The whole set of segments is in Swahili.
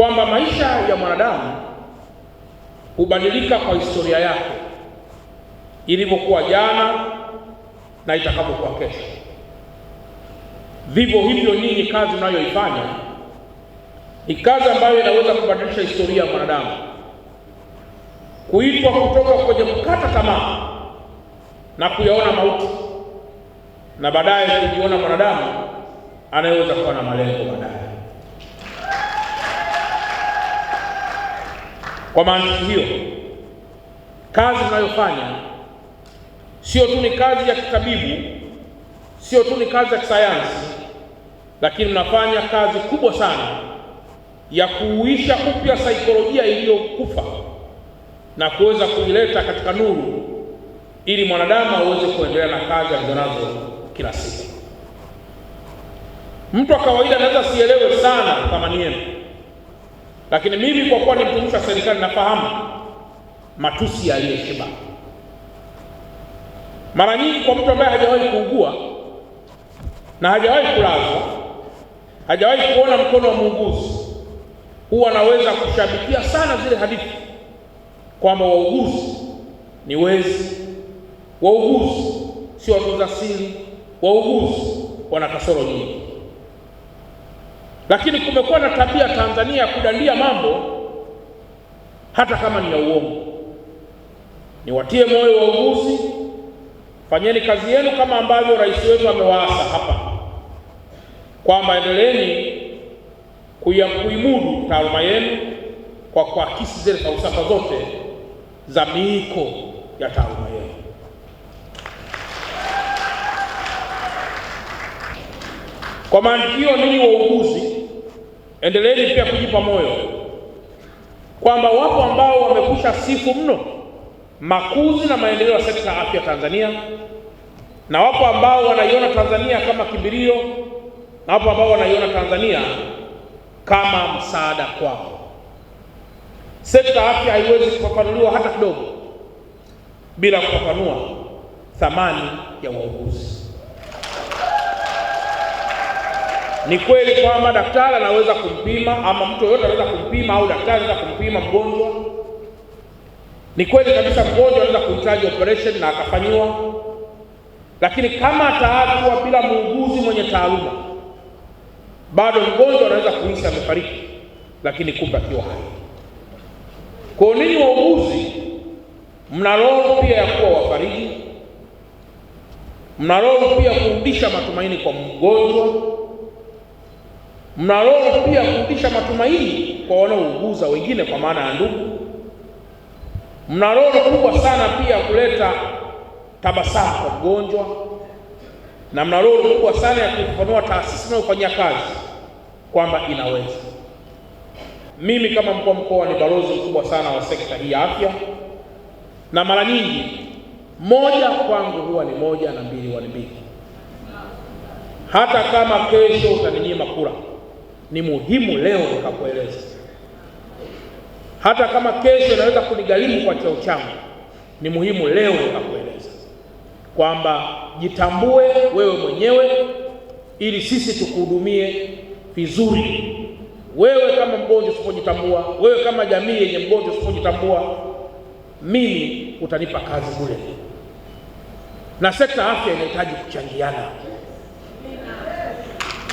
kwamba maisha ya mwanadamu hubadilika kwa historia yake ilivyokuwa jana na itakavyokuwa kesho. Vivyo hivyo, nyinyi, kazi mnayoifanya ni kazi ambayo inaweza kubadilisha historia ya mwanadamu, kuitwa kutoka kwenye kukata tamaa na kuyaona mauti na baadaye kujiona mwanadamu anayeweza kuwa na malengo baadaye. Kwa mantiki hiyo, kazi mnayofanya sio tu ni kazi ya kitabibu, sio tu ni kazi ya kisayansi, lakini mnafanya kazi kubwa sana ya kuuisha upya saikolojia iliyokufa na kuweza kuileta katika nuru, ili mwanadamu aweze kuendelea na kazi alizonazo kila siku. Mtu wa kawaida anaweza sielewe sana thamani yenu lakini mimi kwa kuwa ni mtumishi wa serikali, nafahamu matusi aliyeshiba mara nyingi kwa mtu ambaye hajawahi kuugua na hajawahi kulazwa, hajawahi kuona mkono wa muuguzi, huwa anaweza kushabikia sana zile hadithi kwamba wauguzi ni wezi, wauguzi si watunza siri, wauguzi wana kasoro nyingi. Lakini kumekuwa na tabia Tanzania ya kudandia mambo hata kama ni ya uongo. Niwatie moyo wauguzi, fanyeni kazi yenu kama ambavyo rais wetu amewaasa hapa kwamba endeleeni kuimudu taaluma yenu kwa kuakisi zile falsafa zote za miiko ya taaluma yenu. Kwa maana hiyo, ninyi wauguzi Endeleeni pia kujipa moyo kwamba wapo ambao wamekusha sifu mno makuzi na maendeleo ya sekta ya afya Tanzania, na wapo ambao wanaiona Tanzania kama kimbilio, na wapo ambao wanaiona Tanzania kama msaada kwao. Sekta ya afya haiwezi kufafanuliwa hata kidogo bila kufafanua thamani ya wauguzi. Ni kweli kwamba daktari anaweza kumpima ama mtu yoyote anaweza kumpima au daktari anaweza kumpima mgonjwa. Ni kweli kabisa mgonjwa anaweza kuhitaji operation na akafanyiwa, lakini kama ataachwa bila muuguzi mwenye taaluma, bado mgonjwa anaweza kuisha amefariki, lakini kumbe akiwa hai. Kwa nini wauguzi, mna roho pia ya kuwa wafariji, mna roho pia kurudisha matumaini kwa mgonjwa Mna roho pia kurudisha matumaini kwa wanaouguza wengine, kwa maana ya ndugu. Mna roho kubwa sana pia kuleta tabasamu kwa mgonjwa, na mna roho kubwa sana ya kufanua taasisi inayofanyia kazi kwamba inaweza. Mimi kama mkuu wa mkoa ni balozi mkubwa sana wa sekta hii ya afya, na mara nyingi moja kwangu huwa ni moja na mbili huwa ni mbili. Hata kama kesho utaninyima kura ni muhimu leo nikakueleza, hata kama kesho inaweza kunigharimu kwa cheo changu, ni muhimu leo nikakueleza kwamba jitambue wewe mwenyewe ili sisi tukuhudumie vizuri. Wewe kama mgonjwa usipojitambua, wewe kama jamii yenye mgonjwa usipojitambua, mimi utanipa kazi bure, na sekta afya inahitaji kuchangiana.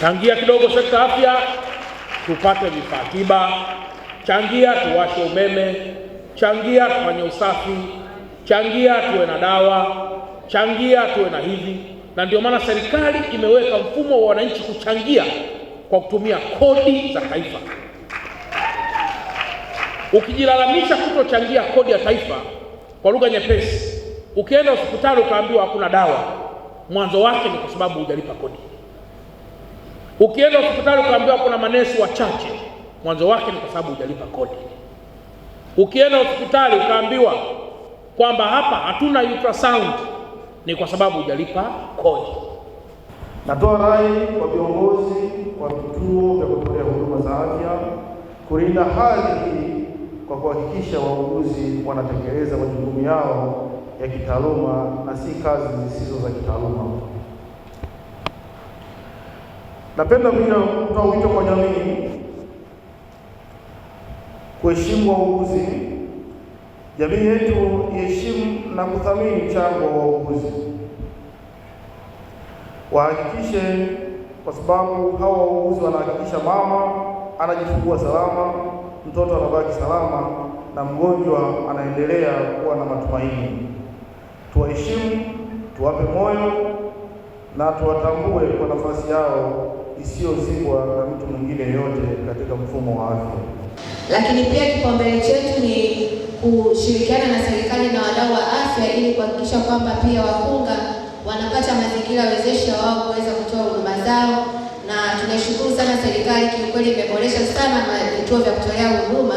Changia kidogo sekta afya tupate vifaa tiba, changia tuwashe umeme, changia tufanye usafi, changia tuwe na dawa, changia tuwe na hivi. Na ndio maana serikali imeweka mfumo wa wananchi kuchangia kwa kutumia kodi za taifa. Ukijilalamisha kutochangia kodi ya taifa, kwa lugha nyepesi, ukienda hospitali ukaambiwa hakuna dawa, mwanzo wake ni kwa sababu hujalipa kodi. Ukienda hospitali ukaambiwa kuna manesi wachache, mwanzo wake ni kwa sababu hujalipa kodi. Ukienda hospitali ukaambiwa kwamba hapa hatuna ultrasound, ni kwa sababu hujalipa kodi. Natoa rai kwa viongozi wa vituo vya kutolea huduma za afya kulinda hali hii kwa kuhakikisha wauguzi wanatekeleza majukumu yao ya kitaaluma na si kazi zisizo za kitaaluma. Napenda kuja kutoa wito kwa jamii kuheshimu wauguzi. Jamii yetu iheshimu na kuthamini mchango wa wauguzi, wahakikishe, kwa sababu hawa wauguzi wanahakikisha mama anajifungua salama, mtoto anabaki salama na mgonjwa anaendelea kuwa na matumaini. Tuwaheshimu, tuwape moyo na tuwatambue kwa nafasi yao isiyozibwa na mtu mwingine yote katika mfumo wa afya. Lakini pia kipaumbele chetu ni kushirikiana na serikali na wadau wa afya ili kuhakikisha kwamba pia wakunga wanapata mazingira wezeshi wao kuweza kutoa huduma zao, na tunashukuru sana serikali, kiukweli imeboresha sana vituo vya kutolea huduma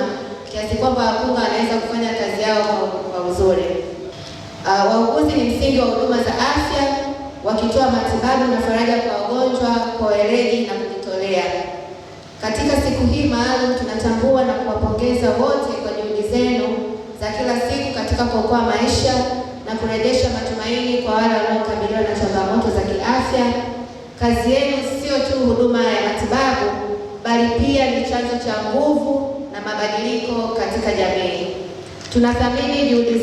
kiasi kwamba wakunga wanaweza kufanya kazi yao kwa uzuri. Uh, wauguzi ni msingi wa huduma za afya wakitoa matibabu na faraja kwa wagonjwa kwa weledi na kujitolea. Katika siku hii maalum, tunatambua na kuwapongeza wote kwa juhudi zenu za kila siku katika kuokoa maisha na kurejesha matumaini kwa wale wanaokabiliwa na changamoto za kiafya. Kazi yenu sio tu huduma ya matibabu, bali pia ni chanzo cha nguvu na mabadiliko katika jamii. Tunathamini juhudi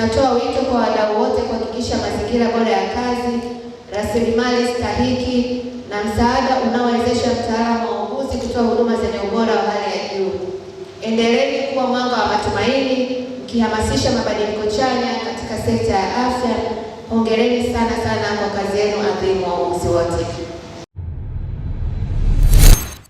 tunatoa wito kwa wadau wote kuhakikisha mazingira bora ya kazi, rasilimali stahiki na msaada unaowezesha mtaalamu wa uuguzi kutoa huduma zenye ubora wa hali ya juu. Endeleeni kuwa mwanga wa matumaini, mkihamasisha mabadiliko chanya katika sekta ya afya. Hongereni sana sana kwa kazi yenu adhimu, wauguzi wote.